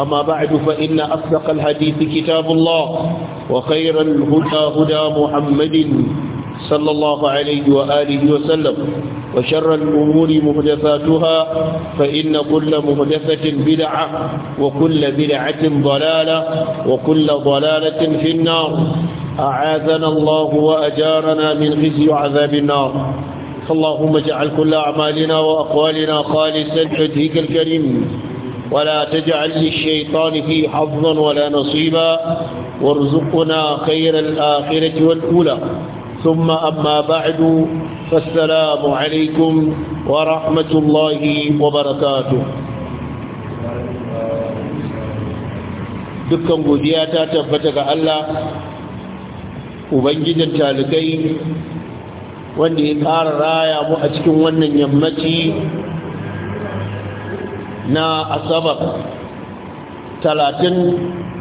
أما بعد فإن أصدق الحديث كتاب الله وخير الهدى هدى محمد صلى الله عليه وآله وسلم وشر الأمور مهدفاتها فإن كل مهدفة بدعة وكل بدعة ضلالة وكل ضلالة في النار أعاذنا الله وأجارنا من خزي عذاب النار فاللهم اجعل كل أعمالنا وأقوالنا خالصا لوجهك الكريم ولا تجعل للشيطان في حظا ولا نصيبا وارزقنا خير الآخرة والأولى ثم أما بعد فالسلام عليكم ورحمة الله وبركاته dukkan godiya ta tabbata ga Allah ubangijin talibai wanda ya ƙara raya mu a cikin wannan yammaci na asabar talatin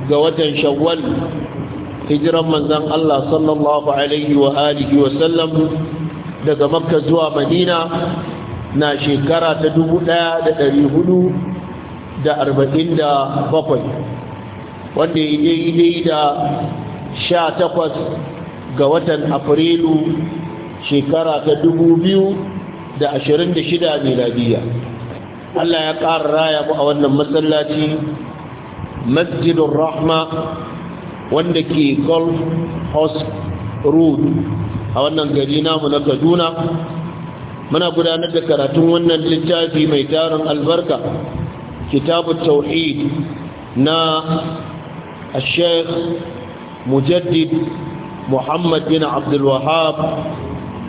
ga watan shawwal hijiran manzan Allah sallallahu alaihi wa alihi wa sallam daga makka zuwa madina na shekara ta dubu ɗaya da da hudu arba'in bakwai, wanda ya yi dai-dai da sha takwas ga watan afrilu shekara ta dubu biyu da da ashirin 2026 miladiya Allah ya ƙara raya mu a wannan masallaci masjidun rahma wanda ke golf house road a wannan gari namu na kaduna muna gudanar da karatun wannan littafi mai tarin albarka kitabun tauhid na الشيخ mujaddid muhammad bin abdulwahab الوهاب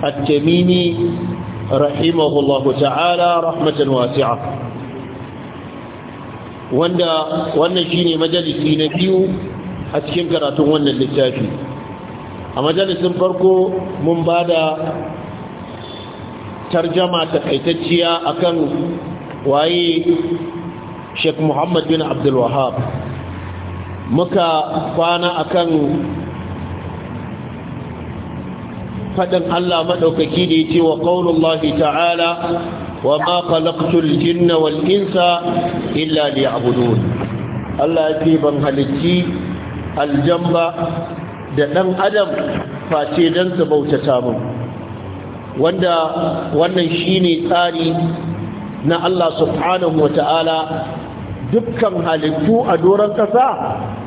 التميمي رحمه الله تعالى رحمة واسعة wanda wannan shine majalisi na biyu a cikin karatun wannan littafi a majalisin farko mun ba da tarjama takaitacciya akan waye Sheikh Muhammad bin Abdulwahab muka kwana akan fadin Allah madaukaki da ya ce wa qaulullahi ta'ala wa ma khalaqtul jinna wal insa illa liya'budun Allah yake ban halicci aljamba da ɗan adam face dan su bautata mu wanda wannan shine tsari na Allah subhanahu wata'ala dukkan halittu a doron ƙasa,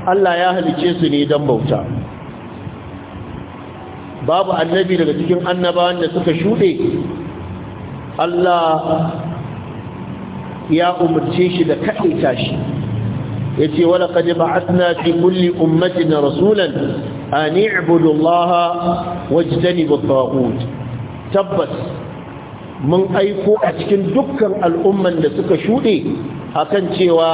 Allah ya halice su ne don bauta. babu annabi daga cikin annabawan da suka shuɗe Allah ya umarce shi da kaɗaita shi ya ce wala kaji ba'atna fi kulli ummatin rasulan an i'budu Allah wajtanibu tabbas mun aiko a cikin dukkan al'umman da suka shuɗe akan cewa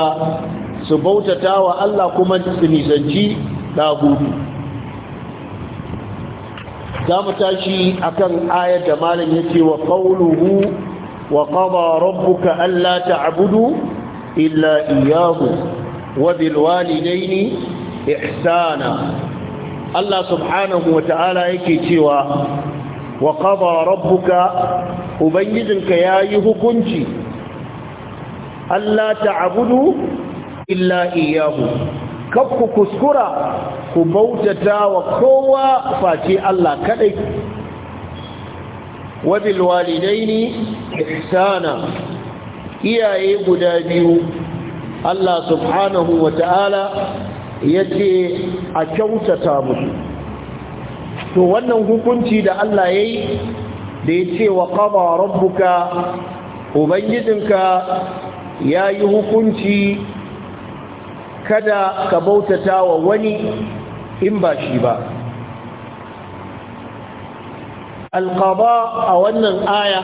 su bautata wa Allah kuma su nisanci ɗagudu za mu tashi akan ayar da malam yake wa qawluhu wa qada rabbuka alla ta'budu illa iyyahu wa bil walidayni ihsana Allah subhanahu wa ta'ala yake cewa wa qada rabbuka ubangijinka yayi hukunci alla ta'budu illa iyyahu kakku kuskura ku bautata wa kowa face Allah kadai wabil walidaini ihsana iyaye guda biyu Allah subhanahu wa ta'ala yace a kyautata musu to wannan hukunci da Allah yayi da yace wa qada rabbuka ubangijinka yayi hukunci kada ka bautata wa wani in ba shi ba alƙaba a wannan aya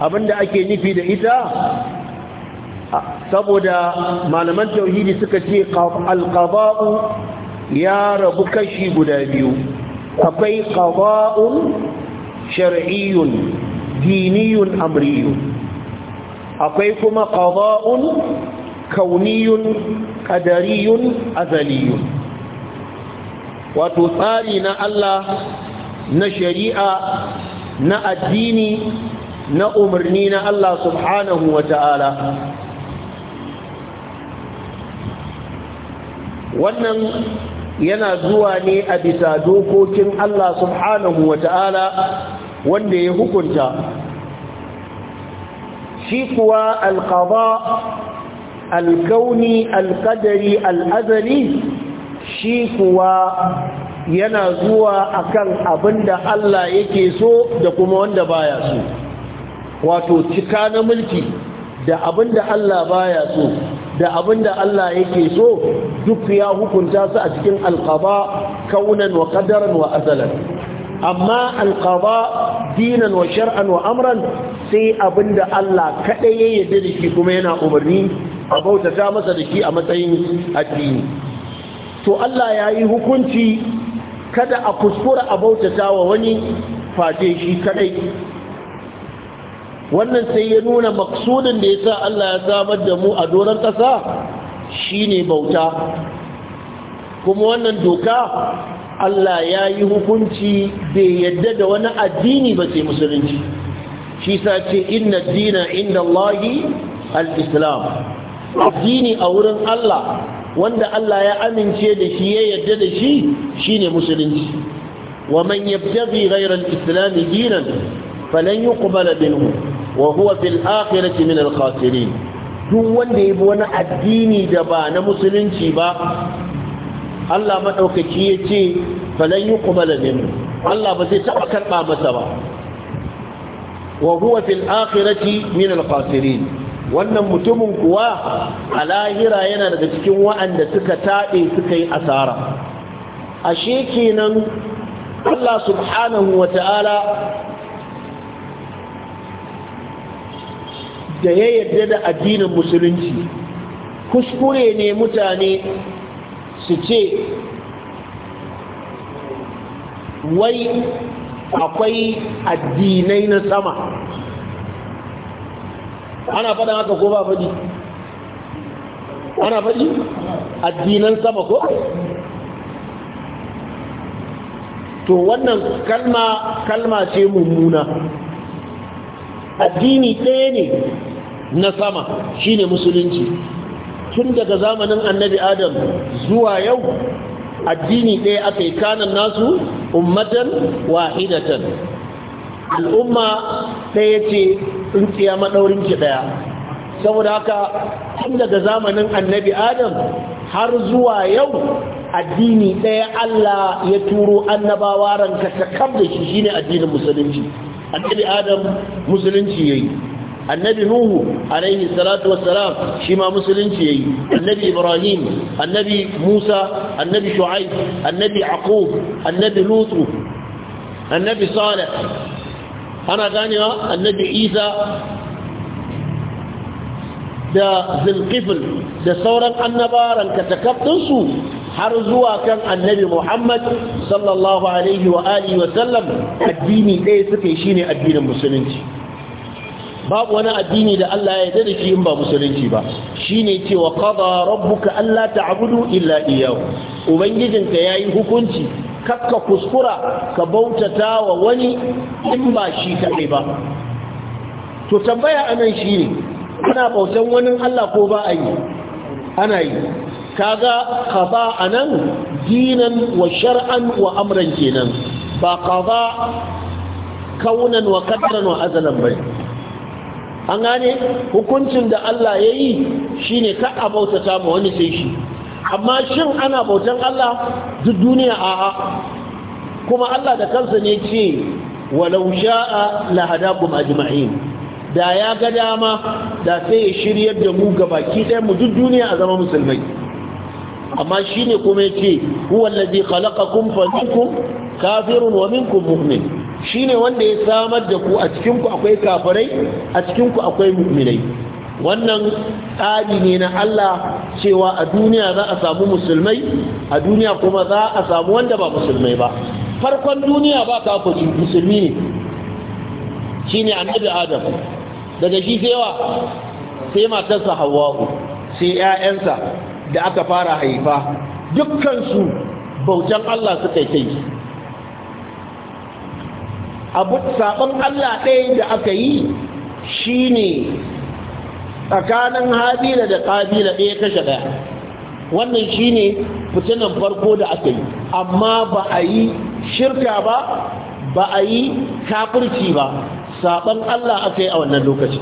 abinda ake nufi da ita saboda malaman tauhidi suka ce alƙaba'u ya rabu kashi guda biyu akwai ƙaba'un shar'iyyun diniyun amriyun akwai kuma ƙaba'un kauniyun ƙadariyun, azaliyun wato tsari na Allah na shari'a na addini na umarni na Allah subhanahu wa ta'ala wannan yana zuwa ne a bisa dokokin Allah subhanahu wa ta'ala wanda ya hukunta shi kuwa alƙaba alkauni alkadari al'azali shi kuwa yana zuwa akan abinda Allah yake so da kuma wanda baya so wato cika na mulki da abinda Allah baya so da abinda Allah yake so duk ya hukunta su a cikin alqaba kaunan wa qadaran wa azalan amma alqaba dinan wa shar'an wa amran sai abinda Allah kaɗai ya yarda da shi kuma yana umarni a bautata masa da shi a matsayin addini to Allah ya yi hukunci kada a kuskura a bautata wa wani fate shi kadai wannan sai ya nuna maksudin da ya sa Allah ya samar da mu a doron ƙasa shine bauta kuma wannan doka Allah ya yi hukunci bai yadda da wani addini ba sai musulunci shi sa ce inna dina inda Allahi al-islam addini a wurin Allah wanda Allah ya amince da shi ya yarda da shi shine musulunci wa man yabtaghi ghayra al-islam dinan falan yuqbala minhu wa huwa fil akhirati min al-khasirin duk wanda yabi wani addini da ba na musulunci ba Allah madaukaki yace falan yuqbala minhu Allah ba zai taba karba masa ba wa huwa fil akhirati min al-khasirin wannan mutumin kuwa a lahira yana daga cikin wa'anda suka taɓe suka yi asara ashe kenan Allah subhanahu wa ta'ala da ya yarda da addinin musulunci kuskure ne mutane su ce wai akwai addinai na sama ana faɗin haka ko ba faɗi ana faɗi addinan sama ko to wannan kalma kalma ce mummuna addini ɗaya ne na sama shine musulunci tun daga zamanin annabi adam zuwa yau addini ɗaya aka yi kanan nasu ummatan wahidatan al'umma ɗaya ce tsintsiya maɗaurin ki ɗaya saboda haka tun daga zamanin annabi adam har zuwa yau addini ɗaya Allah ya turo annabawa ranka sakam da shi shine addinin musulunci annabi adam musulunci yayi annabi nuhu alaihi salatu wassalam shi ma musulunci yayi annabi ibrahim annabi musa annabi shu'aib annabi aqub annabi lutu annabi salih ana ganewa annabi isa da zilkifil da sauran annabaran katakaftinsu har zuwa kan annabi muhammad sallallahu alaihi wa alihi wa addini ɗaya suke shine addinin musulunci babu wani addini da Allah ya yarda da shi in ba musulunci ba shine cewa kaba rabbuka Allah ta'budu illa iyyahu ubangijinka yayi hukunci ka kuskura ka bautata wa wani in ba shi kaɗai ba to tambaya anan shi ne ana bautan wani Allah ko ba a yi ana yi kaga a nan dinan wa shar'an wa amran kenan ba kaba kaunan wa qadran wa azalan bai an gane hukuncin da Allah yayi shine ka bautata ma wani sai shi amma shin ana bautan Allah duk duniya a'a kuma Allah da kansa ne ce walau sha'a lahadakum ajma'in da ya ga dama da sai ya shiryar da mu ga baki ɗaya mu duk duniya a zama musulmai amma shine kuma yace huwa allazi khalaqakum fa minkum kafirun wa minkum mu'min shine wanda ya samar da ku a cikin ku akwai kafirai a cikin ku akwai mu'minai wannan tsari ne na Allah cewa a duniya za a samu musulmai a duniya kuma za a samu wanda ba musulmai ba farkon duniya ba kafiri musulmi ne shine annabi adam daga shi sai sai matarsa hawwa'u sai 'ya'yansa da aka fara haifa dukkansu bautan Allah suka kai. abu saɓon Allah ɗaya da aka yi shine tsakanin habila da kabila ɗaya kashe ɗaya wannan shine fitinan farko da aka yi amma ba a yi shirka ba ba a yi kafirci ba saban Allah aka yi a wannan lokaci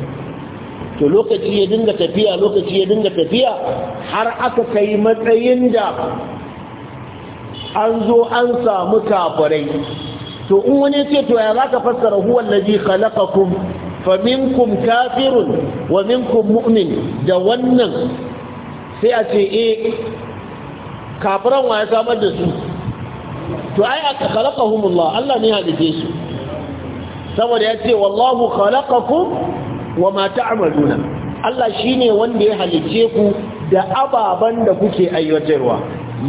to lokaci ya dinga tafiya lokaci ya dinga tafiya har aka kai matsayin da an zo an samu kafirai to in wani ce to ya za ka fassara huwa allazi khalaqakum faminkum kafirun wa minkum mu'min da wannan sai a ce e kafiran wa ya samar da su to ai aka khalaqahumullah Allah ne ya halice su saboda ya ce wallahu khalaqakum wa ma ta'maluna Allah shine wanda ya halice ku da ababan da kuke aiwatarwa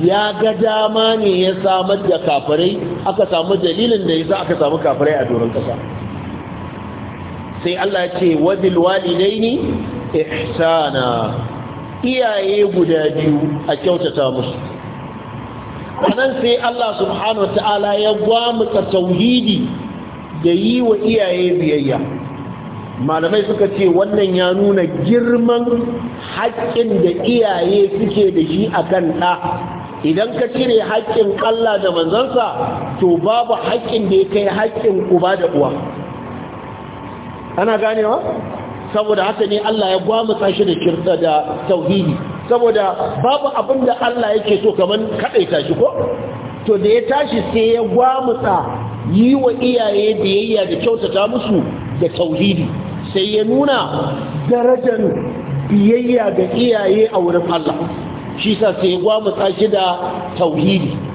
ya ga dama ne ya samar da kafirai aka samu dalilin da yasa aka samu kafirai a doron kasa sai Allah ya ce wabil walidaini ihsana iyaye guda biyu a kyautata musu anan sai Allah subhanahu wataala ya gwamutsa tauhidi da yi wa iyaye biyayya malamai suka ce wannan ya nuna girman haƙƙin da iyaye suke da shi akan ɗa idan ka cire haƙƙin Allah da manzansa to babu haƙƙin da ya kai haƙƙin uba da uwa ana ganewa saboda haka ne Allah ya gwamu shi da kirta da tauhidi saboda babu abin da Allah yake so kaman kadaita shi ko to da ya tashi sai ya tsa yi wa iyaye biyayya da kyautata musu da tauhidi sai ya nuna darajar biyayya ga iyaye a wurin Allah shi sai ya gwamu shi da tauhidi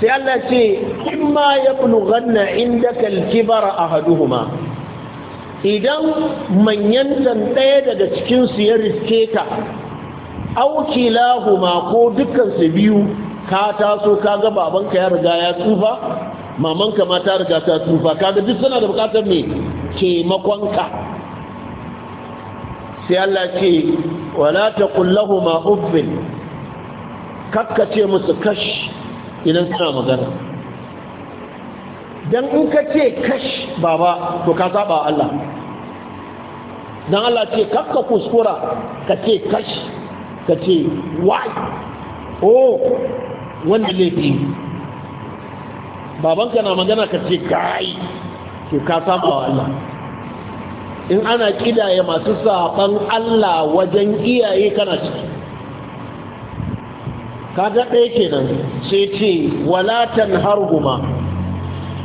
sai Allah ce in ma ya bulughanna indaka al-kibara ahaduhuma idan manyan ɗaya daga cikinsu ya riske ka aukilahuma ko dukansu biyu ka taso kaga babanka ya riga ya tsufa mamanka ma ta riga ta tsufa kaga duk suna da bukatar me taimakonka sai Allah ce wala taqul lahumu uffin kakkace musu kash idan suna magana don in ka ce kash baba to ka saba Allah don Allah ce kakka kuskura ka ce kash ka ce wai oh wanda laifi babanka na magana ka ce kai to ka saba wa Allah in ana kidaya masu sabon Allah wajen iyaye kana ciki kaga ɗaya kenan sai ce walatan harhuma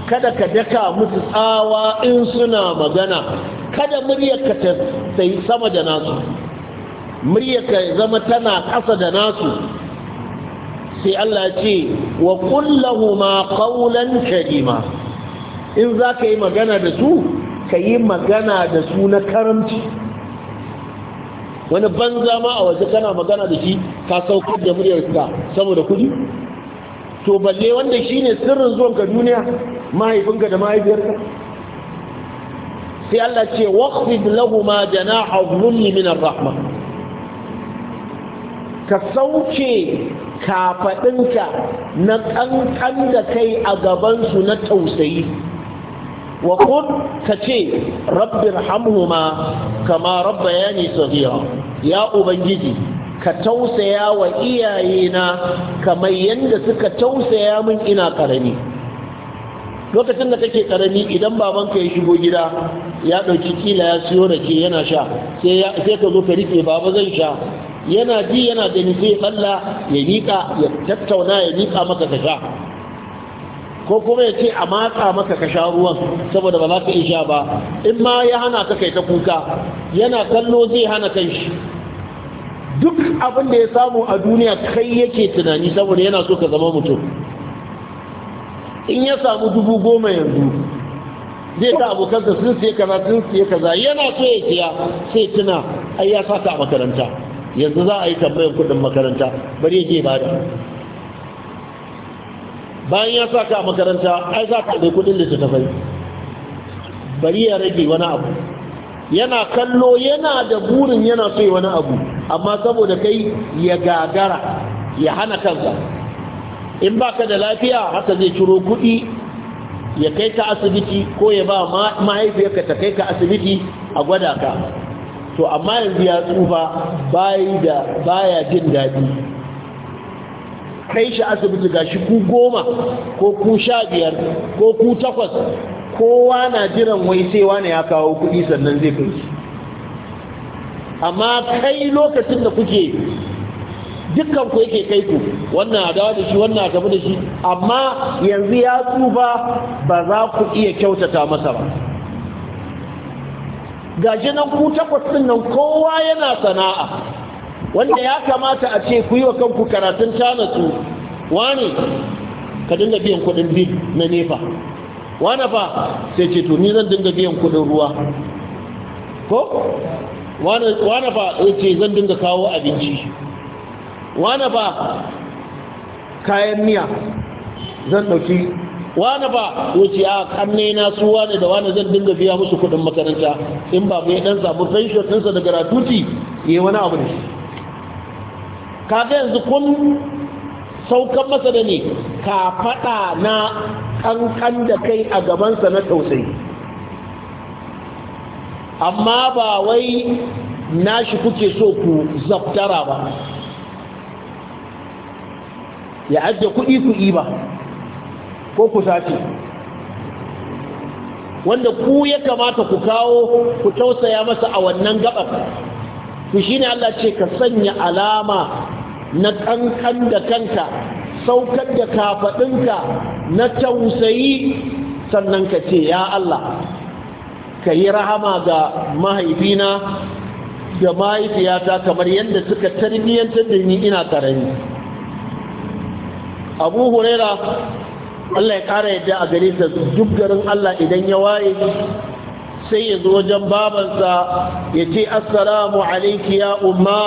kada ka daka musu tsawa in suna magana kada muryarka ta yi sama da nasu muryarka zama tana ƙasa da nasu sai Allah ce wa kullahuma qawlan karima in za ka yi magana da su ka yi magana da su na karamci wani banza ma a waje kana magana da shi ka saukar da ka saboda kudi to balle wanda shi ne sirrin zuwanka duniya mahaifinka da mahaifiyarka sai Allah ce waqfid lahuma janaha dhulli min ar-rahma ka sauke kafadinka na kankan da kai a gaban su na tausayi wa kun ka ce rabbin hamhuma kama rabba ya ne ya ubangiji ka tausaya wa iyayena kamar yadda suka tausaya min ina karami lokacin da kake karami idan babanka ya shigo gida ya ɗauki kila ya siyo rake yana sha sai ka zo ka rike baba zan sha yana ji yana da sai ya ya miƙa ya tattauna ya miƙa maka ka sha ko kuma ya ce a matsa maka ka sha ruwan saboda ba za ka isha ba in ma ya hana ka kai ta kuka yana kallo zai hana kan shi duk abin da ya samu a duniya kai yake tunani saboda yana so ka zama mutum in ya samu dubu goma yanzu zai ta abokansa sun siya kaza sun siya kaza yana so ya siya sai tuna ai ya a makaranta yanzu za a yi tambayar kudin makaranta bari ya je bada bayan ya sa ka a makaranta ai za ka ɗai kudin tafai. bari ya rage wani abu yana kallo yana da burin yana so wani abu amma saboda kai ya gagara ya hana kansa in baka da lafiya haka zai ciro kuɗi ya kai ka asibiti ko ya ba mahaifiyarka ta kai ka asibiti a gwada ka to amma yanzu ya tsufa bayi da baya jin daɗi kai shi asibiti ga shi ku goma ko ku sha biyar ko ku takwas kowa na jiran wai sai wana ya kawo kuɗi sannan zai kai shi amma kai lokacin da kuke dukkan ku yake kai ku wannan adawa da shi wannan tafi da shi amma yanzu ya tsufa ba za ku iya kyautata masa ba Ga nan ku takwas ɗinnan nan kowa yana sana'a wanda ya kamata a ce ku yi wa kanku karatun tanatsu wani ka dinga biyan kudin bil na nefa wani fa sai ce to ni zan dinga biyan kudin ruwa ko wani fa ce zan dinga kawo abinci wani fa kayan miya zan dauki wani ba wuce a kanne na su wani da wani zan dinga biya musu kudin makaranta in ba mai dan samu fenshiyar ɗinsa daga ratuti yi wani abu ne kaga yanzu kun saukan masa da ne ka faɗa na kankan da kai a gabansa na tausayi amma ba wai nashi kuke so ku zaftara ba ya ajiye kuɗi kuɗi ba ko ku sace wanda ku ya kamata ku kawo ku tausaya masa a wannan gabar to ne Allah ce ka sanya alama na kankan da kanka saukar da kafaɗinka na tausayi sannan ka ce ya Allah ka yi rahama ga mahaifina da mahaifiyata kamar yadda suka tarbiyyantar da ni ina karami abu huraira Allah ya ƙara yadda a gare duk garin Allah idan ya waye sai ya zo wajen babansa ya ce assalamu alaiki ya umma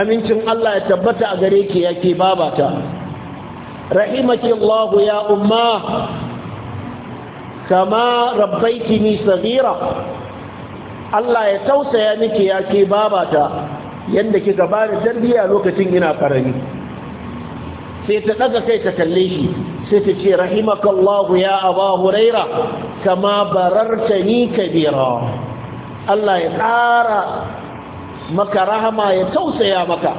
amincin Allah ya tabbata a gare ki ya ke babata rahimaki Allah ya umma kama rabbaiki ni sagira Allah ya tausaya miki ya ke babata yadda kika bani tarbiyya lokacin ina karami sai ta daga kai ta kalle shi sai ta ce rahimakallahu ya aba huraira kama barartani kabira Allah ya ƙara maka rahama ya tausaya maka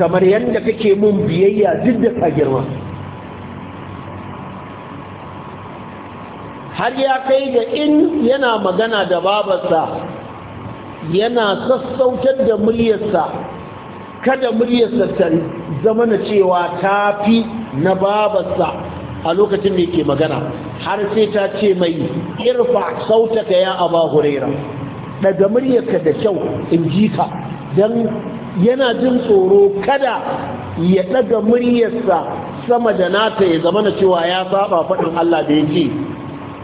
kamar yadda kake mun biyayya duk da ka girma har ya kai da in yana magana da babarsa yana sassautar da muryarsa kada muryarsa ta zamana cewa ta fi na babarsa a lokacin da yake magana har sai ta ce mai irfa sautaka ya aba huraira daga muryarka da kyau in ji ka don yana jin tsoro kada ya daga muryarsa sama da nata ya zama na cewa ya saba faɗin Allah da yake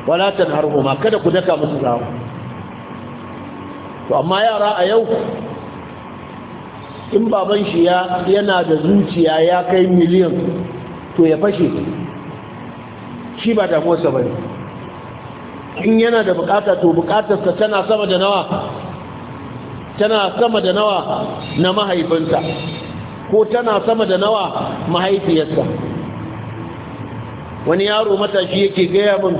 wala tanharhuma kada ku daka musu zawo to amma yara a yau in baban shi yana da zuciya ya kai miliyan to ya fashe shi ba damuwarsa ba ne in yana da bukata to bukatarsa tana sama da nawa tana sama da nawa na mahaifinsa ko tana sama da nawa mahaifiyarsa wani yaro matashi yake gaya min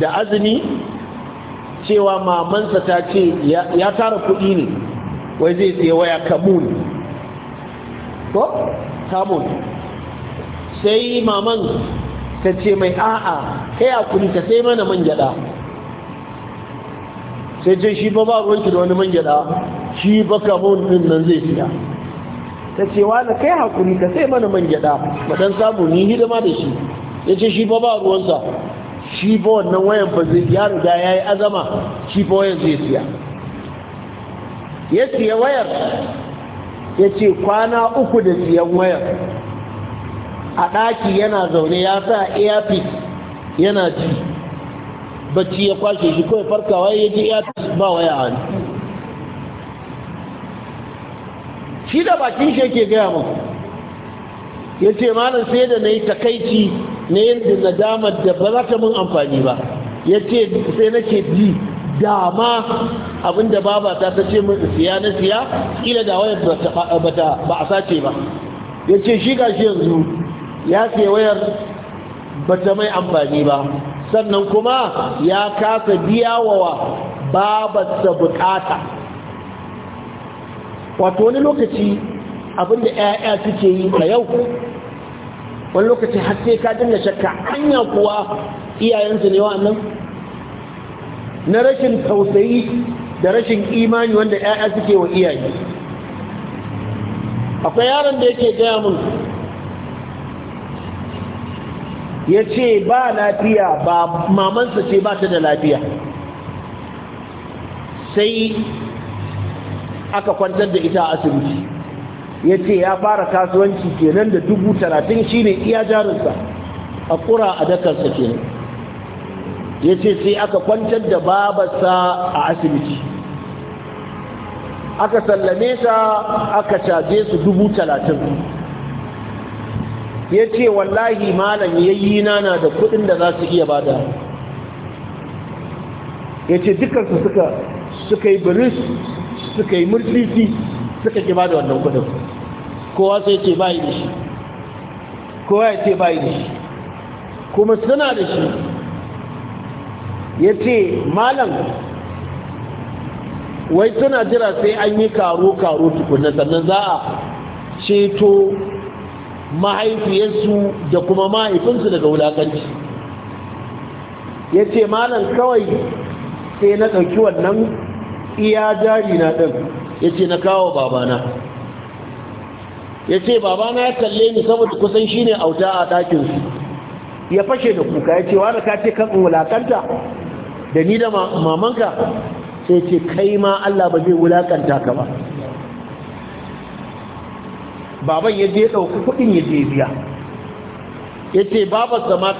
da azumi cewa mamansa ta ce ya tara kuɗi ne wai zai tsaye waya kamun ko kamun sai maman ta ce mai a'a kai hakuri ka sai mana man gyada sai ce shi ba ba ruwanki da wani man gyada shi ba kamun din nan zai siya ta ce wani kai hakuri ka sai mana man gyada ba dan samu ni hidima da shi ya ce shi ba ba ruwansa shi ba wannan wayan ba zai ya riga ya yi azama shi ba wayan zai siya ya siya wayar ya ce kwana uku da siyan wayar a ɗaki yana zaune ya sa airpis yana ci bacci ya kwashe shi kawai farkawa ya ji airpis ba waya hannu shi da bakin shi yake gaya mu ya ce malam sai da na yi takaici na yadda na damar da ba za ta mun amfani ba ya ce sai nake ji dama abinda babata ta ce min siya na siya kila da wayar ba a sace ba ya ce shi yanzu ya ce wayar ba ta mai amfani ba sannan kuma ya kasa biya wa babarsa bukata wato wani lokaci abinda 'ya'ya suke yi a yau wani lokaci har sai ka dinga shakka hanya kuwa iyayensu ne wa'annan na rashin tausayi da rashin imani wanda 'ya'ya suke wa iyaye akwai yaron da yake gaya mun ya ce ba lafiya ba mamansa ce ba ta da lafiya sai aka kwantar da ita a asibiti ya ce ya fara kasuwanci kenan da dubu talatin shi ne iya jarinsa a kura a dakarsa kenan ya ce sai aka kwantar da babarsa a asibiti aka sallame ta aka caje su dubu talatin ya ce wallahi malam yayyina na da kudin da za su iya bada ya ce dukansu suka suka yi biris suka yi murtisi suka ki bada wannan kudin kowa sai ce bayi da shi kowa ya ce bayi da shi kuma suna da shi ya ce malam wai suna jira sai an yi karo-karo tukunan sannan za a ceto mahaifiyarsu da kuma mahaifinsu daga wulakanci ya ce malam kawai sai na ɗauki wannan iya jari na ɗan, ya ce na kawo babana ya ce babana ya kalle ni saboda kusan shi ne auta a ɗakinsu ya fashe da kuka ya ce wa da ka ce kan wulakanta da ni da mamanka sai ce kai ma Allah ba zai wulakanta ka ba baban ya je ɗauki kuɗin ya je biya ya ce babarsa ma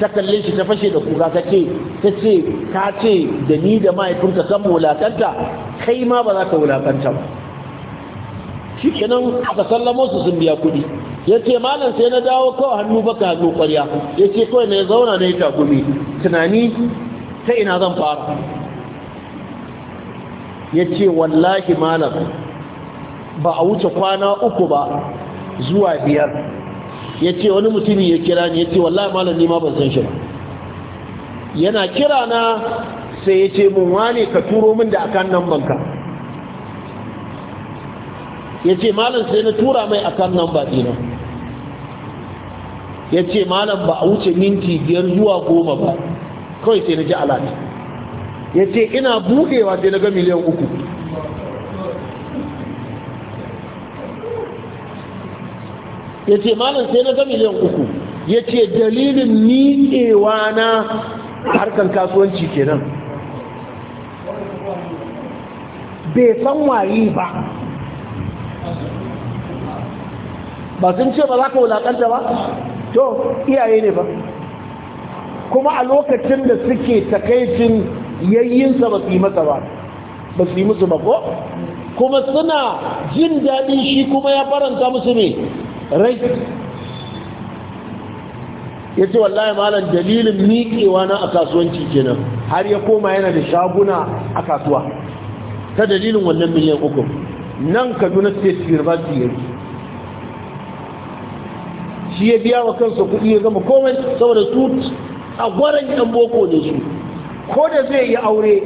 ta kalle shi ta fashe da kuka ta ce ta ce ka ce da ni da mahaifinka san wulaƙanta kai ma ba za ka wulaƙanta ba shi kenan aka sallamo su sun biya kuɗi ya ce malam sai na dawo kawai hannu baka hannu ƙwarya ya ce kawai na ya zauna na yi takumi tunani ta ina zan fara ya ce wallahi malam ba a wuce kwana uku ba zuwa biyar ya ce wani mutumi ya kira ni ya ce wallahi malam nima ban san shi ba yana kira na sai ya ce mun wane ka turo min da akan nan banka ya ce malam sai na tura mai akan nan ba dina ya ce malam ba a wuce minti biyar zuwa goma ba kawai sai na ji alat ya ce ina buɗewa sai na ga miliyan uku ya ce malam sai na ga miliyan uku ya ce dalilin miƙewa na harkar kasuwanci kenan bai san waye ba ba sun ce ba za ka wulaƙanta ba to iyaye ne ba kuma a lokacin da suke takaicin yayyinsa ba su yi masa ba ba su yi musu ba ko kuma suna jin daɗin shi kuma ya faranta musu ne rai ya ce wallahi malam dalilin miƙewa na a kasuwanci kenan har ya koma yana da shaguna a kasuwa ta dalilin wannan miliyan uku nan kaduna state university yake shi ya biya wa kansa kuɗi ya zama komai saboda su a gwaran yan boko ne su ko da zai yi aure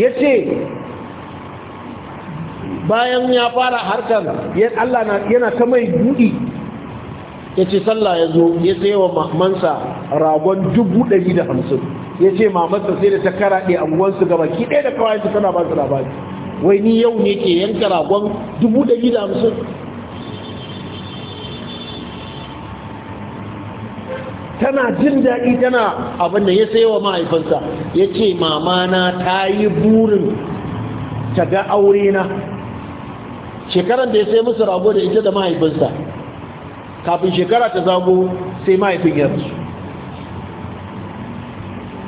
ya ce bayan ya fara harkar yana ta mai buɗi ya ce sallah ya zo ya sayi wa mamansa ragon dubu ɗari da hamsin ya ce mamansa sai da ta karaɗe anguwansu gaba ki ɗaya da kawai su tana ba su labari wai ni yau ne ke yanka ragon dubu ɗari da hamsin tana jin daɗi tana abin da ya sayi wa mahaifinsa ya ce mamana ta yi burin ta ga aure na shekaran da ya sai musu rago da ita da mahaifinsa kafin shekara ta zago sai mahaifin ya rasu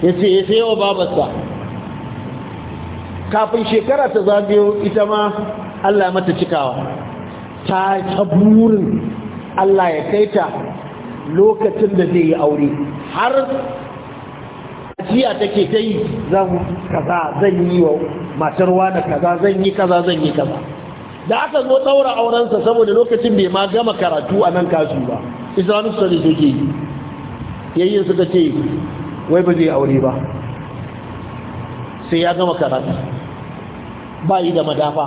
ya ce ya sayo babarsa kafin shekara ta zago ita ma Allah mata cikawa ta taburin Allah ya kai ta lokacin da zai yi aure har ajiya take ta yi zan kaza zan yi wa matarwa da kaza zan yi kaza zan yi kaza da aka zo ɗaura aurensa saboda lokacin bai ma gama karatu a nan kasu ba islamic studies yake yi yayin suka ce wai ba zai aure ba sai ya gama karatu ba yi da madafa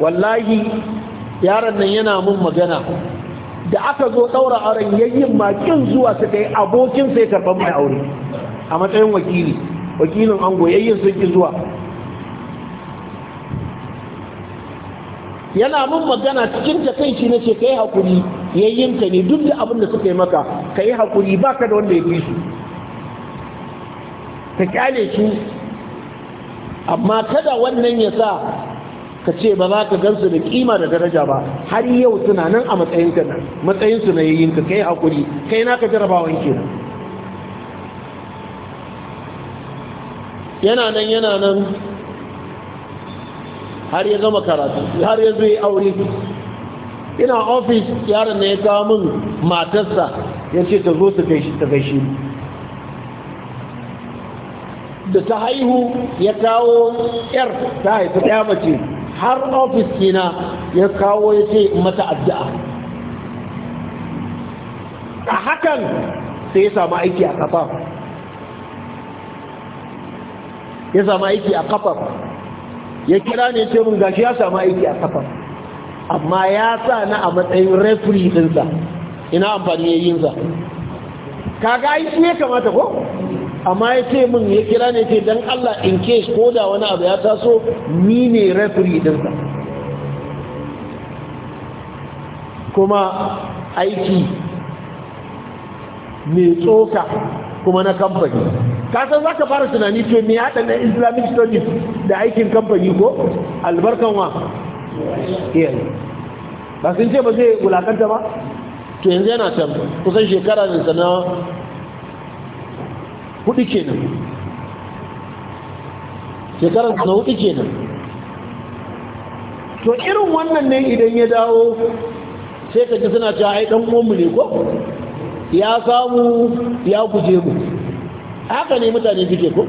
wallahi yaron nan yana mun magana da aka zo ɗaura auren yayin makin zuwa suka yi abokin sai karɓar mai aure a matsayin wakili wakilin ango yayin sun ki zuwa yana mun magana cikin takaici na ce ka yi haƙuri yayyinka ne duk da abin da suka yi maka kai hakuri baka da wanda ya bi su ka kyale shi, amma kada wannan ya sa ka ce ba za ka gansu da kima da daraja ba har yau suna nan a matsayinka nan matsayinsu na ka kai hakuri kai naka jarabawan kenan yana nan yana nan har ya gama karatu har ya zai aure ina ofis yaron ne ya kawo min matarsa ya ce ta zo ta gaishe da ta haihu ya kawo yar ta haifu ɗaya mace har ofis kina ya kawo ya ce mata addu'a a hakan sai ya samu aiki a kafa ya samu aiki a kafa ya kira ne ce mun gashi ya samu aiki a kafa amma ya sa na a matsayin referee dinsa ina amfani ya yin sa kaga ai shi ya kamata ko amma ya ce mun ya kira ne ce dan Allah in case ko da wani abu ya taso ni ne referee dinsa kuma aiki mai tsoka kuma na kamfani kasan za ka fara tunani to me haɗa na islamic studies da aikin kamfani ko albarkan wa iyaye ba sun ce ba zai wulakanta ba to yanzu yana can kusan shekara ne sana hudu kenan shekarar sana hudu kenan to irin wannan ne idan ya dawo sai ka ji suna cewa ai dan uwanmu ne ko ya samu ya guje mu haka ne mutane suke ko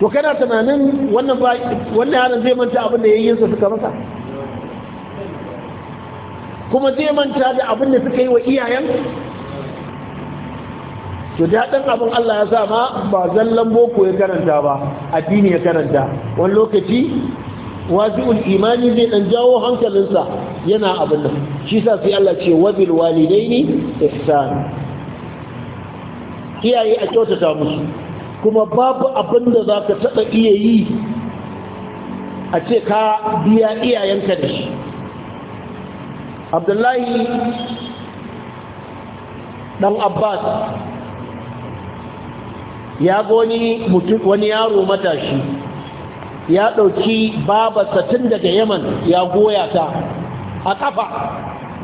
to kana tunanin wannan ba wannan yaron zai manta abin da yayin sa suka masa kuma zai manta da abin da suka yi wa iyayen to daɗin abin Allah ya sa ma ba zallan boko ya karanta ba addini ya karanta wani lokaci wazi'ul imani zai dan jawo hankalinsa yana abin nan shi sa sai Allah ce wabil walidaini ihsan Kiyaye a kyautata musu kuma babu abin da za ka taɓa iya yi a ce ka biya iyayenka da shi abdullahi ɗan abbas ya goni wani yaro matashi ya ɗauki babarsa tun daga yaman ya goya ta a ƙafa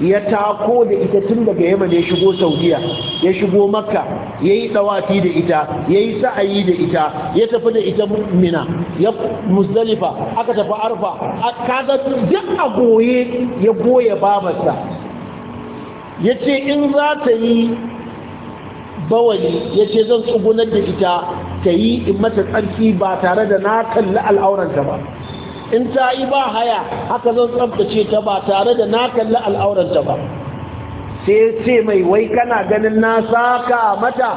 ya tako da ita tun daga yaman ya shigo saudiya ya shigo makka ya yi ɗawafi da ita ya yi sa'ayi da ita ya tafi da ita mina ya musdalifa aka tafi arfa kaga duk a goye ya goya babarsa ya ce in za ta yi bawali ya ce zan tsugunar da ita ta yi in mata tsarki ba tare da na kalli al'auranta ba in ta yi ba haya haka zan tsabtace ta ba tare da na kalli al'auranta ba sai ce mai wai kana ganin na saka mata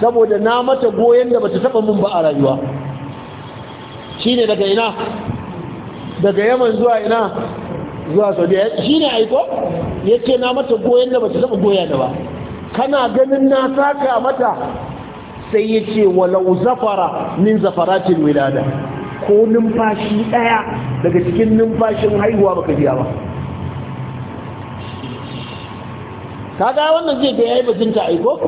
saboda na mata goyon da bata taba mun ba a rayuwa shine daga ina daga yaman zuwa ina zuwa saudiya shine aiko ya ce na mata goyon da bata taba goya da ba kana ganin na saka mata sai ya ce walau zafara min zafaratin wilada ko numfashi ɗaya daga cikin numfashin haihuwa baka biya ba kaga wannan zai ga yayi ta aiko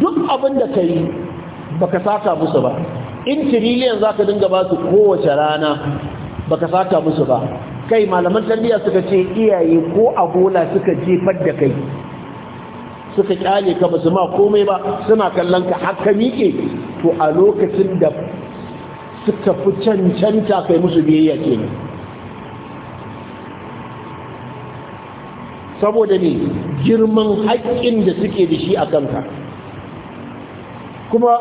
duk abin da ka yi baka saka musu ba in tiriliyan za ka dinga ba su kowace rana baka saka musu ba kai malaman tarbiyya suka ce iyaye ko a bola suka jefar da kai suka kyale ka ba su ma komai ba suna kallon ka haka ka miƙe to a lokacin da suka fi cancanta kai musu biyayya ke ne saboda ne girman haƙƙin da suke da shi a kanka kuma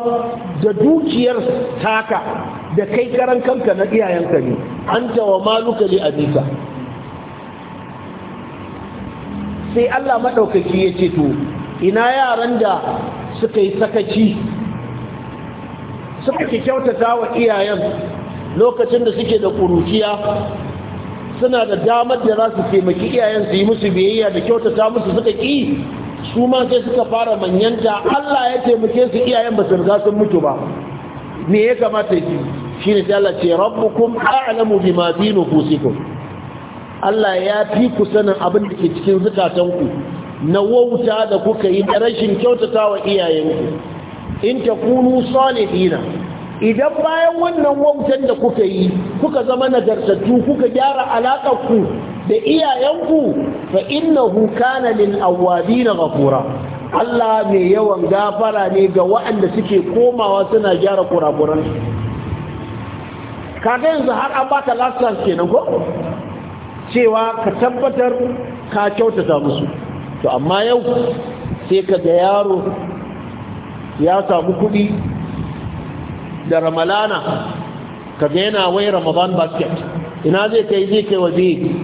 da dukiyar taka da kai karan kanka na iyayenka ne an tawa maluka li abika sai Allah maɗaukaki ya ce to ina yaran da suka yi sakaci suka ki kyautata wa iyayen lokacin da suke da ƙuruciya suna da damar da za su taimaki iyayen su yi musu biyayya da kyautata musu suka ƙi su ma sai suka fara manyanta Allah ya taimake su iyayen ba su riga sun mutu ba me ya kamata yi shi ne Allah ce rabbukum a'lamu bima fi nufusikum Allah ya fi ku sanin abin da ke cikin zukatanku na wauta da kuka yi da rashin kyautata wa iyayenku in ta kunu salihina idan bayan wannan wautan da kuka yi kuka zama nagartattu kuka gyara ku da iyayenku fa innahu kana lil awwabina ghafura Allah mai yawan gafara ne ga waɗanda suke komawa suna gyara kurakuran kaga yanzu har an baka last kenan ko cewa ka tabbatar ka kyautata musu to amma yau sai ka ga yaro ya samu kuɗi da ramalana ka ga yana wai ramadan basket ina zai kai zai kai waje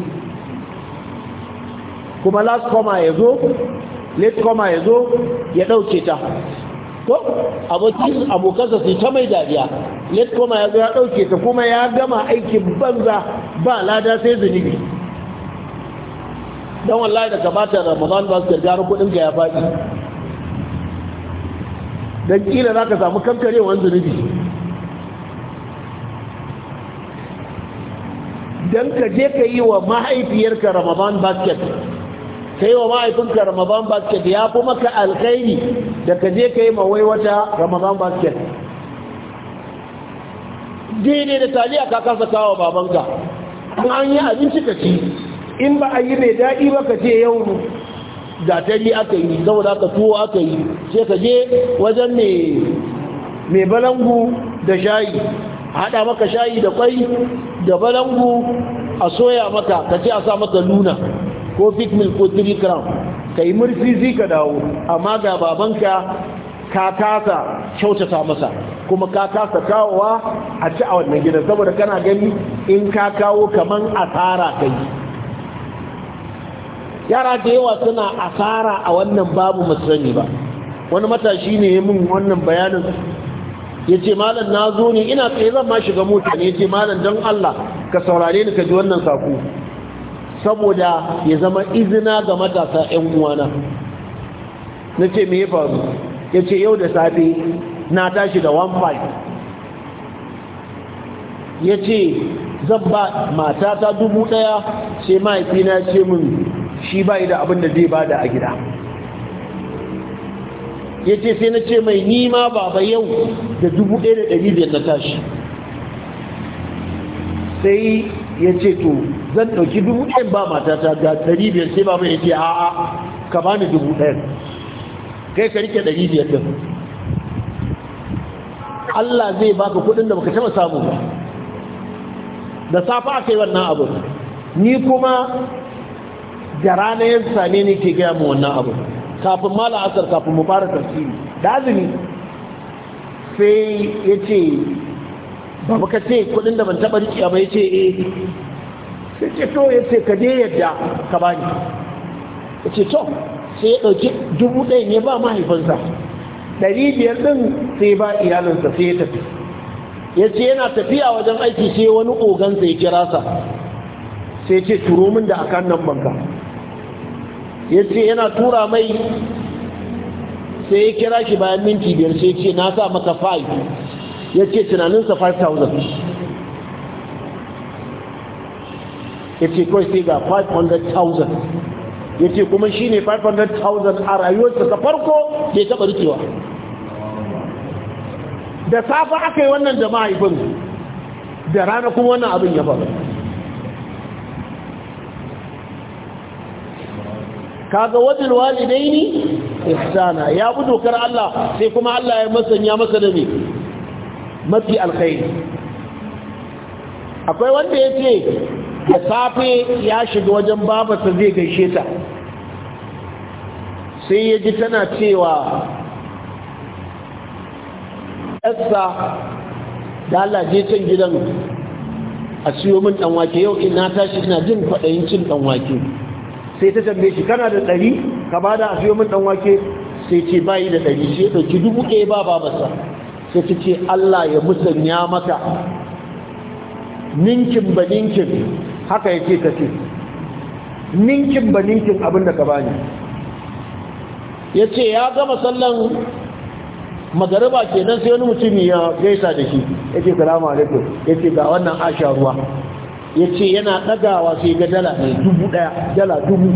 kuma last comma ya zo late comma ya zo ya dauke ta ko abokin abokansa sai ta mai dariya late comma ya zo ya dauke ta kuma ya gama aikin banza ba lada sai zunubi don wallahi da gabata ramadan ba su gyara kudin ka ya faɗi don kila za ka samu kankarewan zunubi don ka je ka yi wa mahaifiyarka ramadan basket ka yi wa mahaifinka ramadan basket ya fi maka alkhairi da ka je ka yi mawai wata ramadan basket daidai da taliya ka kasa kawo babanka an yi abinci ka ci in ba a yi mai daɗi ba ka ce yau ta yi aka yi saboda ka tuwo aka yi sai ka je wajen mai balangu da shayi haɗa maka shayi da kwai da balangu a soya maka ka ce a sa maka luna ko fit mil ko 3 gram ka yi murfi zai ka dawo amma ga babanka ka kasa kyautata masa kuma ka kasa kawowa a ci a wannan gidan saboda kana gani in ka kawo kaman asara ka yi yara da yawa suna asara a wannan babu masani ba wani matashi ne ya mun wannan bayanin ya ce malam na zo ne ina tsaye zan ma shiga mota ne ya ce malam don Allah ka saurare ni ka ji wannan sako saboda ya zama izina ga matasa 'yan uwana na ce me ya faru ya ce yau da safe na tashi da one-five. ya ce zan ba matata dubu ɗaya sai mahaifina ce min shi bai da abin da zai bada a gida ya ce sai na ce mai nima baba yau da dubu ɗaya da ɗari biyar na tashi sai ya ce to zan ɗauki dubu ɗayan ba matata ga ɗari biyar sai baba ya ce a'a ka bani dubu ɗaya. kai ka rike ɗari biyar ɗin Allah zai baka kuɗin da baka taɓa samu ba da safa aka yi wannan abu ni kuma da rana ya same ni ke gaya mu wannan abu kafin mala asar kafin mu fara tafsiri da azumi sai ya ce ba muka ce kudin da ban taɓa rikiya ba ya ce eh sai ce to ya ce ka dai yadda ka bani ya ce to sai ya ɗauki dubu ɗaya ne ba mahaifinsa ɗari biyar ɗin sai ba iyalinsa sai ya tafi ya ce yana tafiya wajen aiki sai wani ogansa ya kira sa sai ce turo min da akan nan banka ya ce yana tura mai sai ya kira shi bayan minti biyar sai ce na sa maka 5 ya ce tunaninsa 5,000 ya ce kawai sai ga 500,000 ya ce kuma shi ne 500,000 a rayuwarsa ta farko sai ta barkewa da safa aka yi wannan jama'a ibin da rana kuma wannan abin ya faru kaga wajil ne ihsana ya bi dokar Allah sai kuma Allah ya masanya masa da me mafi alkhairi akwai wanda ya ce da safe ya shiga wajen babata zai gaishe ta sai ya ji tana cewa ƙasa da Allah can gidan a siyo min ɗanwake yau ina tashi ina jin kwaɗayin cin ɗanwake sai ta tambaye shi kana da ɗari ka ba da a siyo min ɗan wake sai ce bayi da ɗari ya ɗauki dubu ɗaya ba babarsa sai ta ce Allah ya musanya maka ninkin ba ninkin haka yake ta ce ninkin ba ninkin abin da ka bani ya ce ya gama sallan magariba kenan sai wani mutum ya gaisa da shi ya ce salamu alaikum ya ce ga wannan asha ruwa ya ce yana ɗagawa sai ga dala dubu ɗaya dala dubu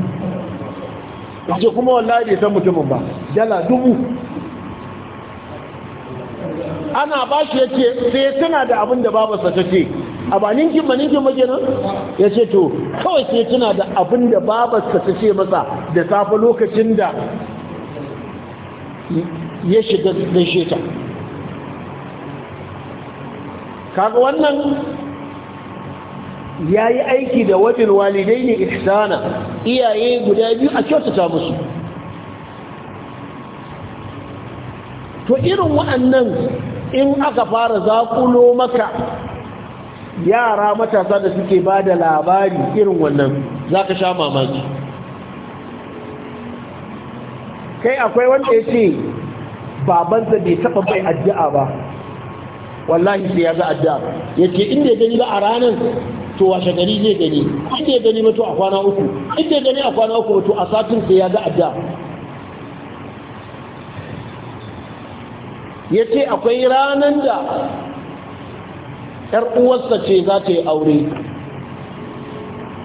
ce kuma wallahi ya san mutumin ba dala dubu ana ba shi ya ce sai suna da abin da babarsa ta ce a ba ninkin ba ninkin ba kenan ya ce to kawai sai suna da abin da babarsa ta ce masa da safe lokacin da ya shiga da sheta kaga wannan ya yi aiki da wajen walidai ne ihsana iyaye guda biyu a kyautata musu to irin wa'annan in aka fara zaƙulo maka yara matasa da suke ba da labari irin wannan za ka sha mamaki kai akwai wanda ya ce babansa bai taɓa bai addu'a ba wallahi sai ya za addu'a ya inda ya gani ba a ranar to washe gari zai gani in ya gani mato a kwana uku in ya gani a kwana uku mutu a satin sai ya ga adda ya ce akwai ranar da ‘yar uwarsa ce za ta yi aure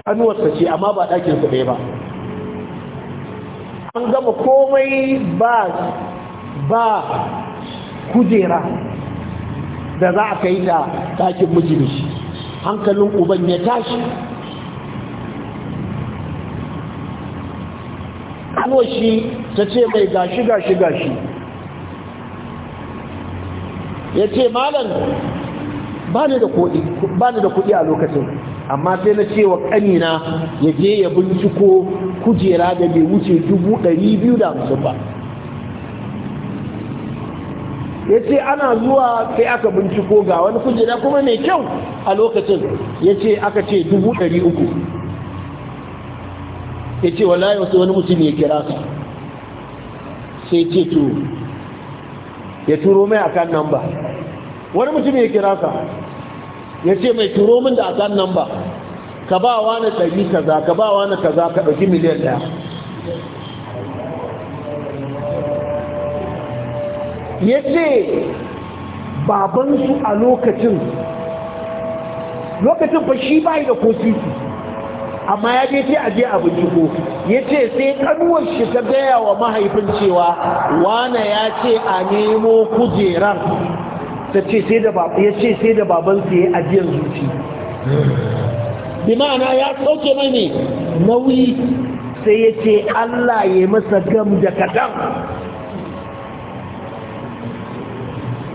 anuwarsa ce amma ba ɗakinsa ɗaya ba an gama komai ba ba kujera da za a kai da ɗakin mijini hankalin uban ya tashi shi ta ce mai gashi gashi gashi ya ce malam ba ni da kuɗi a lokacin amma sai na cewa ƙanina ya je ya binciko kujera da bai wuce 250 ba ya ce ana zuwa sai aka binciko ga wani kujera kuma mai kyau a lokacin ya ce aka ce dubu ɗari uku ya ce wa layo sai wani mutum ya kira ka sai ce turo ya turo mai akan ba wani mutum ya kira ka ya ce mai turo min da akan ba ka ba wa na ɗari kaza ka ba wa na kaza ka ɗauki miliyan ɗaya ya ce babansu a lokacin lokacin fa shi bai da kosisi amma ya je ce aje a binciko ya ce sai kanuwar shi ta gaya wa mahaifin cewa wane ya ce a nemo kujerar ta sai da baban ya ce sai da babansu ya ajiyar zuci bimana ya sauke mai nauyi sai ya ce Allah ya masa gam da kadan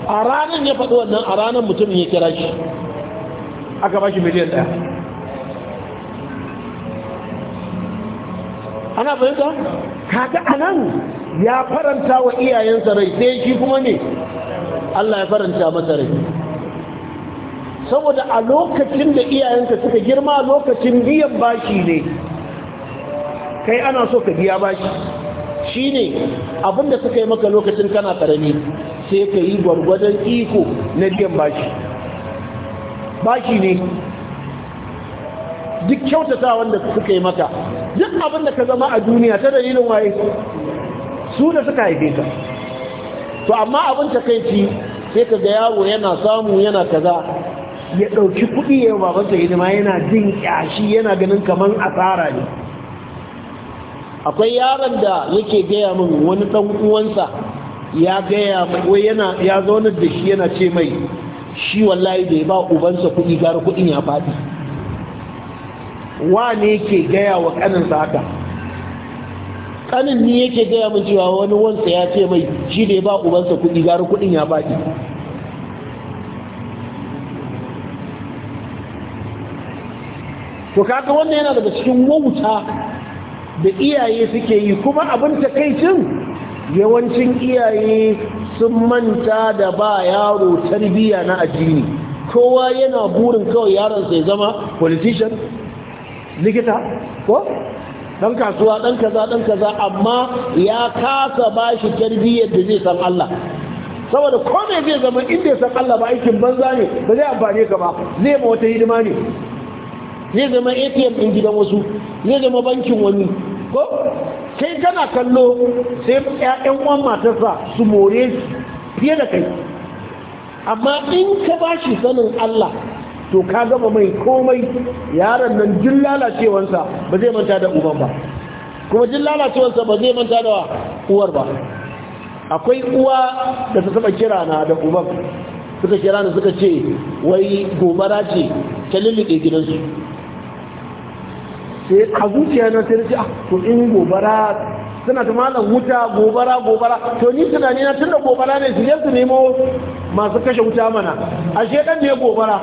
a ranar ya faɗi wannan a ranar mutumin ya kira shi aka ba shi miliyan ɗaya ana fahimta kaga anan ya faranta wa iyayensa rai sai shi kuma ne Allah ya faranta masa rai saboda a lokacin da iyayenka suka girma lokacin biyan bashi ne kai ana so ka biya bashi Shi ne abinda suka yi maka lokacin kana karami sai ka yi gwargwadon iko na biyan bashi bashi ne duk kyautata wanda suka yi maka duk abin da ka zama a duniya ta dalilin waye su da suka haife ka to amma abin ta takaici sai ka ga yaro yana samu yana kaza ya ɗauki kuɗi ya babansa hidima yana jin yashi yana ganin kamar asara ne akwai yaron da yake gaya min wani ɗan uwansa ya gaya wai yana ya zaunar da shi yana ce mai shi wallahi da ya ba ubansa kuɗi gara kuɗin ya faɗi wa ne ke gaya wa ƙanin haka ƙanin ni yake gaya min cewa wani wansa ya ce mai shi da ba ubansa kuɗi gara kuɗin ya faɗi to kaga wannan yana daga cikin wauta da iyaye suke yi kuma abin takaicin yawancin iyaye sun manta da ba yaro tarbiyya na addini kowa yana burin kawai yaron sai zama politician likita ko dan kasuwa dan kaza dan kaza amma ya kasa bashi tarbiyyar da zai san Allah saboda kome zai zama inda ya san Allah ba aikin banza ne ba zai amfane ka ba zai ma wata hidima ne zai zama atm in gidan wasu zai zama bankin wani ko kai kana kallo sai ƴaƴan uwan matarsa su more fiye da kai amma in ka ba shi sanin Allah to ka gama mai komai yaron nan jin lalacewansa ba zai manta da uban ba kuma jin lalacewansa ba zai manta da uwar ba akwai uwa da ta saba kira na da uban suka kira na suka ce wai gobara ce ta lullube gidansu sai a zuciya na sai ah to in gobara suna ta malam wuta gobara gobara to ni tunani na tunda gobara ne su yanzu nemo masu kashe wuta mana ashe shekar ne gobara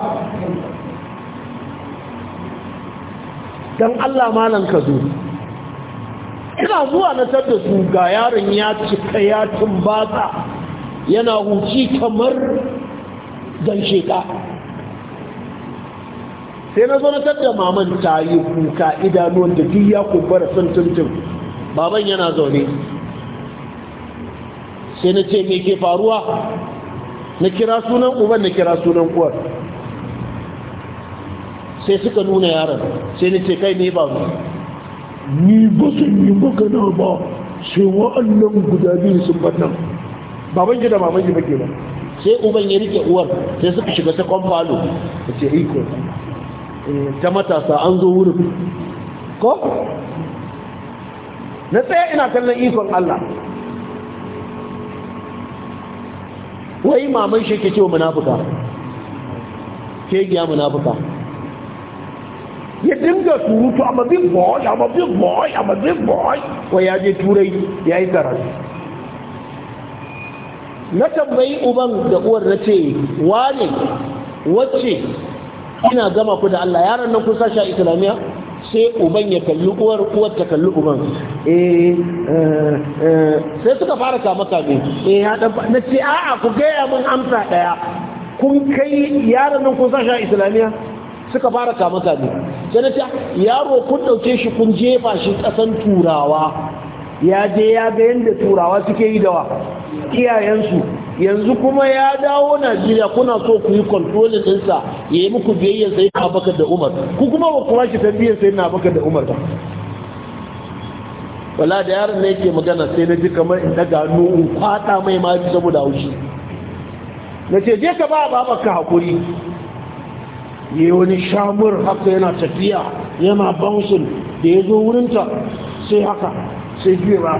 dan Allah malam ka zo ina zuwa na tar da su ga yaron ya cika ya tumbatsa yana huci kamar dan sheka sai na zo na tadda maman ta yi kuka idanuwan da duk ya kumbura sun tuntun baban yana zaune sai na ce me ke faruwa na kira sunan uban na kira sunan uwar sai suka nuna yaron sai na ce kai ne ba ni ba su yi magana ba sai wa'annan guda biyu sun bannan baban gida maman gida ba sai uban ya rike uwar sai suka shiga ta kwamfalo da ce iko ta matasa an zo wurin ko na tsaye ina kallon ikon Allah wai maman shi ke cewa munafuka ke giya munafuka ya dinga surutu amma big boy amma big boy amma big boy wai ya je turai ya yi karatu na tambayi uban da uwar na ce wane wacce ina gama ku da Allah yaron nan kun sashi a islamiyya sai uban ya kalli uwar uwar ta kalli uban eh, eh, eh sai suka fara kama kame eh ya dan na ce a'a ku gaya min amsa daya kun kai yaron nan kun sashi a islamiyya suka fara kama kame sai na ce yaro kun dauke shi kun jefa shi kasan turawa ya je ya ga yanda turawa suke yi da wa iyayensu yanzu kuma ya dawo najeriya kuna so ku yi kontrolin ɗinsa ya yi muku biyayyar sai na bakar da umar ku kuma ba kuma shi tarbiyyar sai na bakar da umar ba wala da yaron ne yake magana sai na ji kamar in daga hannu in kwata mai mafi saboda haushi na ce je ka ba a haƙuri hakuri yi wani shamur haka yana tafiya yana bansun da ya zo wurinta sai haka sai fiye ba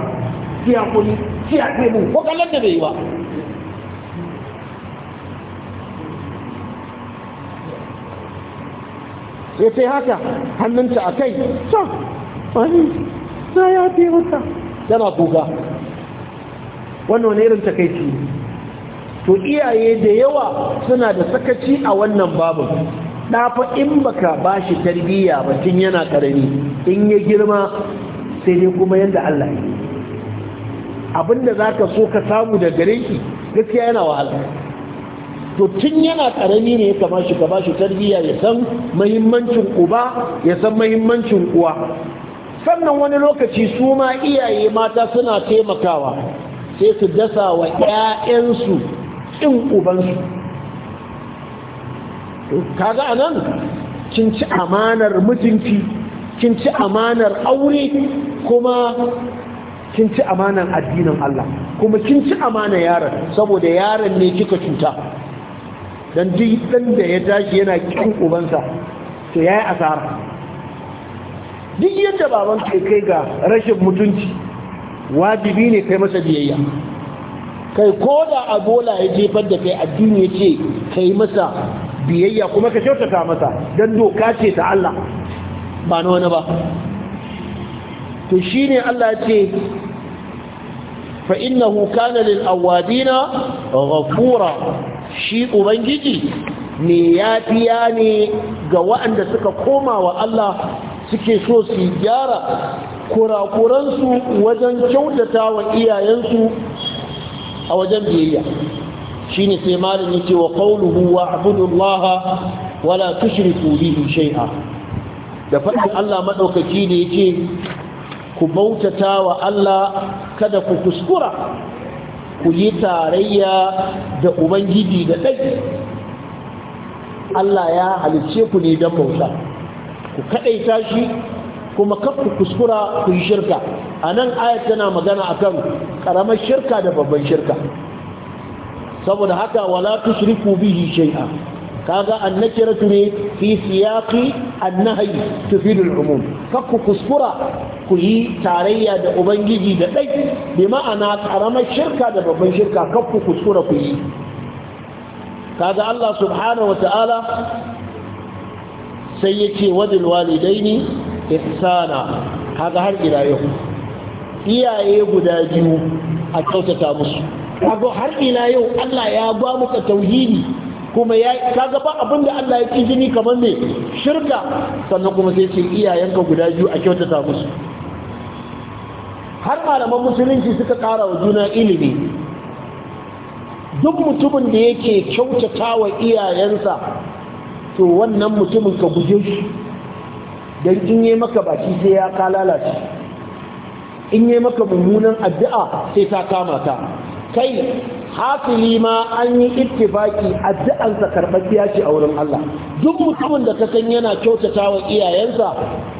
ki fiye ki hakuri ko kallon da bai yi ba ya ce haka hannunta a kai ta wani na ya fi mata yana buga wannan wani irin takaici to iyaye da yawa suna da sakaci a wannan babin dafa in baka ba shi tarbiyya ba tun yana karami in ya girma sai dai kuma yadda Allah ya abinda za ka so ka samu da gare shi gaskiya yana wahala to tun yana karami ne ya kama shi kama shi tarbiyya ya san mahimmancin uba ya san mahimmancin uwa sannan wani lokaci su ma iyaye mata suna taimakawa sai su dasa wa 'ya'yansu ƙin ubansu kaga anan kin ci amanar mutunci kin ci amanar aure kuma kin ci amanar addinin Allah kuma kin ci amana yaron saboda yaron ne kika cuta don ɗan da ya tashi yana kin ubansa to ya yi asara duk yadda baban kai kai ga rashin mutunci wajibi ne kai masa biyayya kai ko da a bola ya jefar da kai addini ya ce kai masa biyayya kuma ka kyautata masa don doka ce ta Allah ba na wani ba to shi ne Allah ya ce fa'innahu kana lil awwadina shi ubangiji ne ya fiya ne ga waɗanda suka koma wa Allah suke so su gyara kurakuransu wajen kyautata wa iyayensu a wajen biyayya shi ne sai malin ya ce wa ƙaunuhu wa abudullaha wala tushriku bihi shay'a da faɗin Allah maɗaukaki da yake ku bautata wa Allah kada ku kuskura ku yi tarayya da ubangiji da ɗai Allah ya halice ku ne don bauta ku kaɗaita shi kuma kaf ku kuskura ku yi shirka a nan tana magana akan ƙaramar shirka da babban shirka saboda haka wala tushriku bihi shay'a kaga annakiratu ne fi siyaqi annahi tufidul umum kaf ku kuskura ku yi tarayya da ubangiji da ɗai bi ma'ana karamar shirka da babban shirka kan ku kuskura ku yi kaga Allah subhanahu wa ta'ala sai ya ce wadil walidaini ihsana kaga har ila yau iyaye guda biyu a kyautata musu kaga har ila yau Allah ya ba muka tauhidi kuma ya kaga ba abin da Allah ya ƙi jini kamar ne shirka sannan kuma sai ce iyayenka guda biyu a kyautata musu har malaman musulunci suka ƙara wa juna ilimi duk mutumin da yake kyautata wa iyayensa to wannan mutumin ka guje shi don in yi maka baki sai ya ka lalace in yi maka mummunan addu'a sai ta kama ta kai hafili ma an yi ittifaki addu'ansa karɓar ce a wurin Allah duk mutumin da ka san yana kyautata wa iyayensa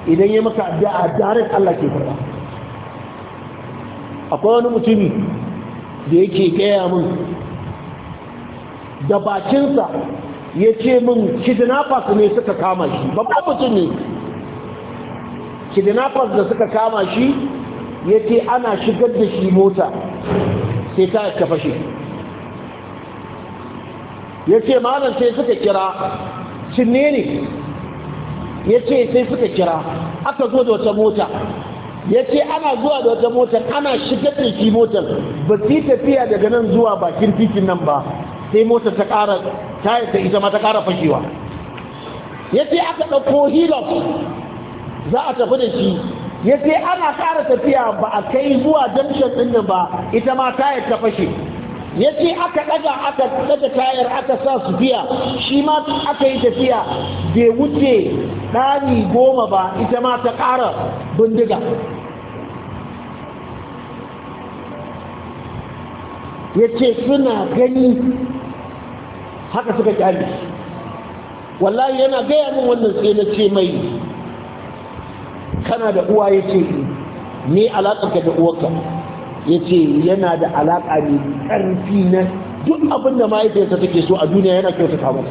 idan ya maka addu'a direct Allah ke karɓa akwai wani mutumi da yake gaya min da bakinsa ya ce min kidnappers ne suka kama shi babban mutum ne kidnappers da suka kama shi ya ce ana shigar da shi mota sai ta ka fashe ya ce malam sai suka kira cinne ne ya ce sai suka kira aka zo da wata mota ya ce ana zuwa da wata motar ana shiga teki motar ba su tafiya daga nan zuwa bakin titin nan ba sai motar ta ƙara tayar ta ita ma ta ƙara fashewa ya ce aka ɗauko hilux za a tafi da shi ya ce ana ƙara tafiya ba a kai zuwa jamshin ɗin ba ita ma tayar ta fashe ya ce aka ɗaga aka ɗaga tayar aka sa su biya shi ma aka yi tafiya bai wuce ɗani goma ba ita ma ta ƙara bindiga ya ce suna gani haka suka kyali wallahi yana gaya min wannan sai na ce mai kana da uwa ya ce eh, ni alaƙarka da uwarka ya ce yana da alaƙa ne ƙarfi na duk abin da mahaifiyarsa take so a duniya yana kyautata mata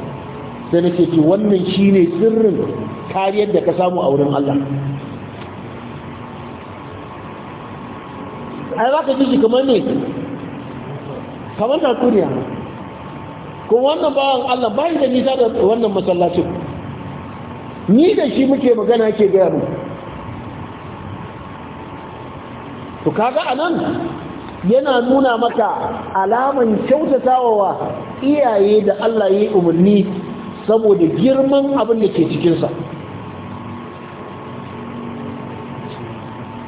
sai na ce wannan shi ne sirrin kariyar da ka samu a wurin Allah ai za ka ji kamar ne kamar na turiya Kun wannan bawan Allah bayan da nisa da wannan masallacin ni da shi muke magana ke gaya mu to kaga anan yana nuna maka alaman kyautatawa iyaye da Allah ya yi umarni saboda girman abin da ke cikinsa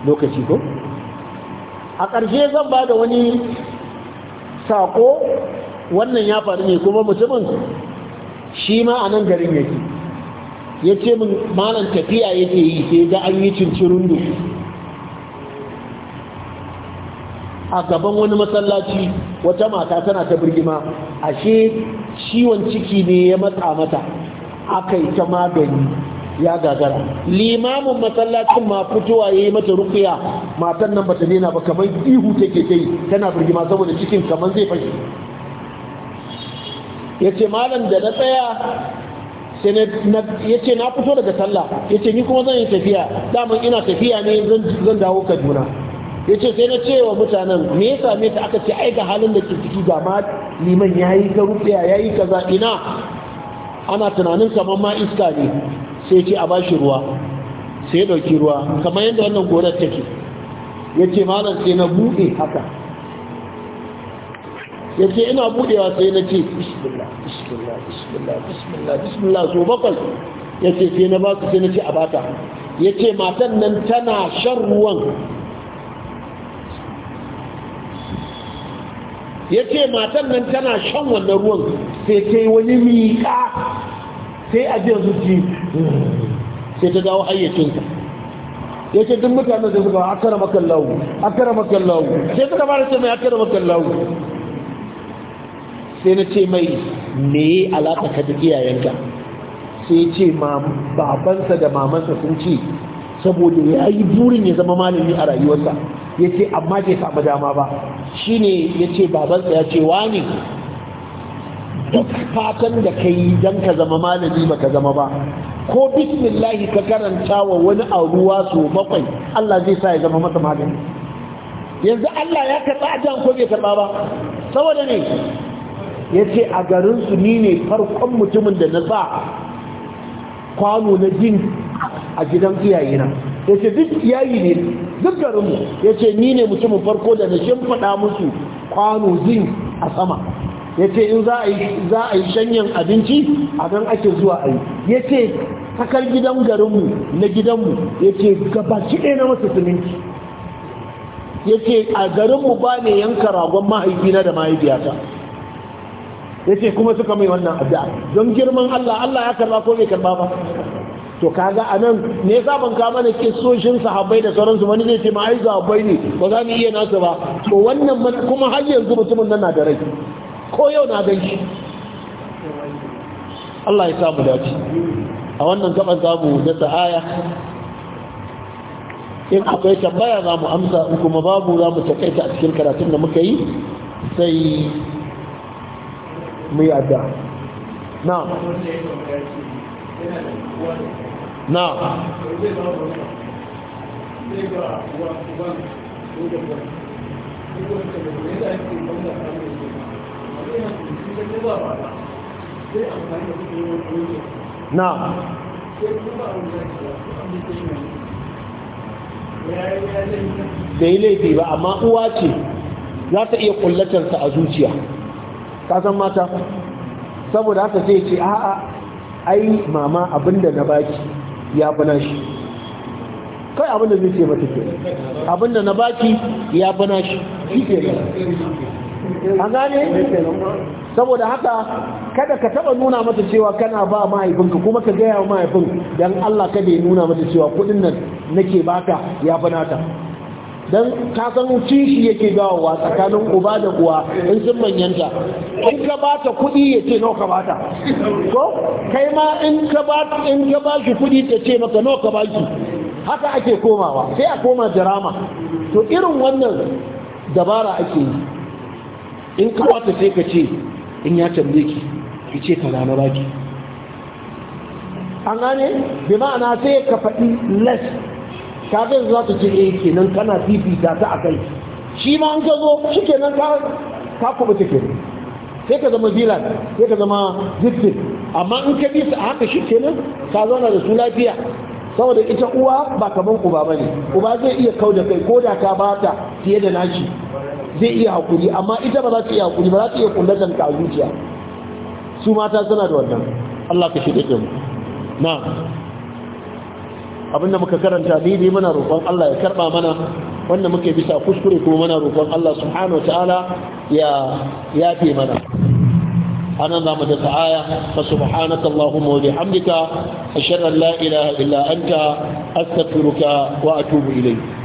lokaci ko a ƙarshe zan ba da wani sako wannan ya faru ne kuma mutumin shi ma a nan garin yake ya ce min malam tafiya yake yi sai ga an yi rundu a gaban wani masallaci wata mata tana ta birgima ashe ciwon ciki ne ya matsa mata aka yi ta magani ya gagara limamin masallacin ma fitowa ya yi mata rukuya matan nan bata nena ba kamar ihu take ta yi tana birgima saboda cikin kamar zai fashe ya ce malam da na tsaya ya ce na fito daga sallah ya ce ni kuma zan yi tafiya daman ina tafiya ne zan dawo kaduna yace sai na ce wa mutanen me ya same ta aka ce ai ga halin da ke ciki ga ma liman ya yi ga rufiya ya ka kaza ina ana tunanin kamar ma iska ne sai ce a bashi ruwa sai ya ɗauki ruwa kamar yadda wannan gonar take yace malam sai na bude haka yace ina buɗewa sai na ce bismillah bismillah bismillah bismillah bismillah so bakwai yace sai na ba su sai na ce a bata yace matan nan tana shan ruwan ya ce matan nan tana shan wannan ruwan sai ta yi wani miƙa sai a jiya zuci sai ta dawo hayyacinsa ya ce duk mutane da suka akara kara akara makallahu sai suka fara ce mai akara makallahu sai na ce mai me alaƙa ka duk iyayenka sai ya ce babansa da mamansa sun ce saboda ya yi burin ya zama malami a rayuwarsa ya ce amma ke samu dama ba shi ne ya ce babansa ya ce wani duk fatan da ka yi don ka zama malami ba ka zama ba ko bismillahi ka karanta wa wani a ruwa bakwai Allah zai sa ya zama masa magani yanzu Allah ya karɓa jan ko bai karɓa ba saboda ne ya ce a garinsu ni ne farkon mutumin da na sa kwano na jin a gidan iyayena ya ce duk yayi ne duk garinmu ya ce ni ne mutumin farko da na shimfiɗa musu kwano zin a sama ya ce in za a yi shanyan abinci a nan ake zuwa a yi ya ce takar gidan garinmu na gidanmu ya ce gabaki ɗaya na masu siminti ya ce a garinmu ba ne yanka ragon mahaifina da mahaifiyata ya ce kuma suka mai wannan addu'a don girman Allah Allah ya karba ko bai karba ba to kaga anan ne yasa ban ka mana kissoshin sahabbai da sauransu wani zai ce ma ai sahabbai ne ba za mu iya nasu ba to wannan kuma har yanzu mutumin nan na da rai ko yau na gan Allah ya samu dace a wannan gaban zamu dasa sa'aya in akwai tambaya za mu amsa in kuma babu za mu takaita a cikin karatun da muka yi sai mu yi adda na na na da laifi ba amma uwa ce za ta iya kullatarsa a zuciya ka san mata saboda haka sai ce a'a ai mama abinda na baki ya fi nashi kai abin da zai ce mata ke abin da na baki ya fi nashi shi ke a gane saboda haka kada ka taba nuna mata cewa kana ba mahaifinka kuma ka gaya wa mahaifin don Allah kada ya nuna mata cewa kudin nan nake baka ya fi nata Dan ka san kishi yake gawowa tsakanin uba da uwa in sun manyanta in ka ba ta kuɗi ya ce nawa ka ba ta ko kai ma in ka ba in ka ba shi kuɗi ta ce maka nawa ka ba shi haka ake komawa sai a koma drama to irin wannan dabara ake yi in ka ba ta sai ka ce in ya tambaye ki ki ce ka na baki an gane bi ma'ana sai ka faɗi less ka za ta ce eh kenan kana fifita ta a kai shi ma an gazo shi kenan ka ka kuma ke sai ka zama zilan sai ka zama zittin amma in ka bi a haka shi kenan ka zauna da su lafiya saboda ita uwa ba kaman uba ba ne uba zai iya kau da kai ko da ta ba ta fiye da naci zai iya hakuri amma ita ba za ta iya hakuri ba za ta iya kullatan ka a zuciya su mata suna da wannan Allah ka shi da mu na abinda muka karanta daidai muna roƙon Allah ya karɓa mana wanda muke bisa kuskure kuma muna roƙon Allah subhanahu wataala ya yafe mana anan zamu da aya fa subhanaka allahumma wa bihamdika ashhadu an la ilaha illa anta astaghfiruka wa atubu ilayk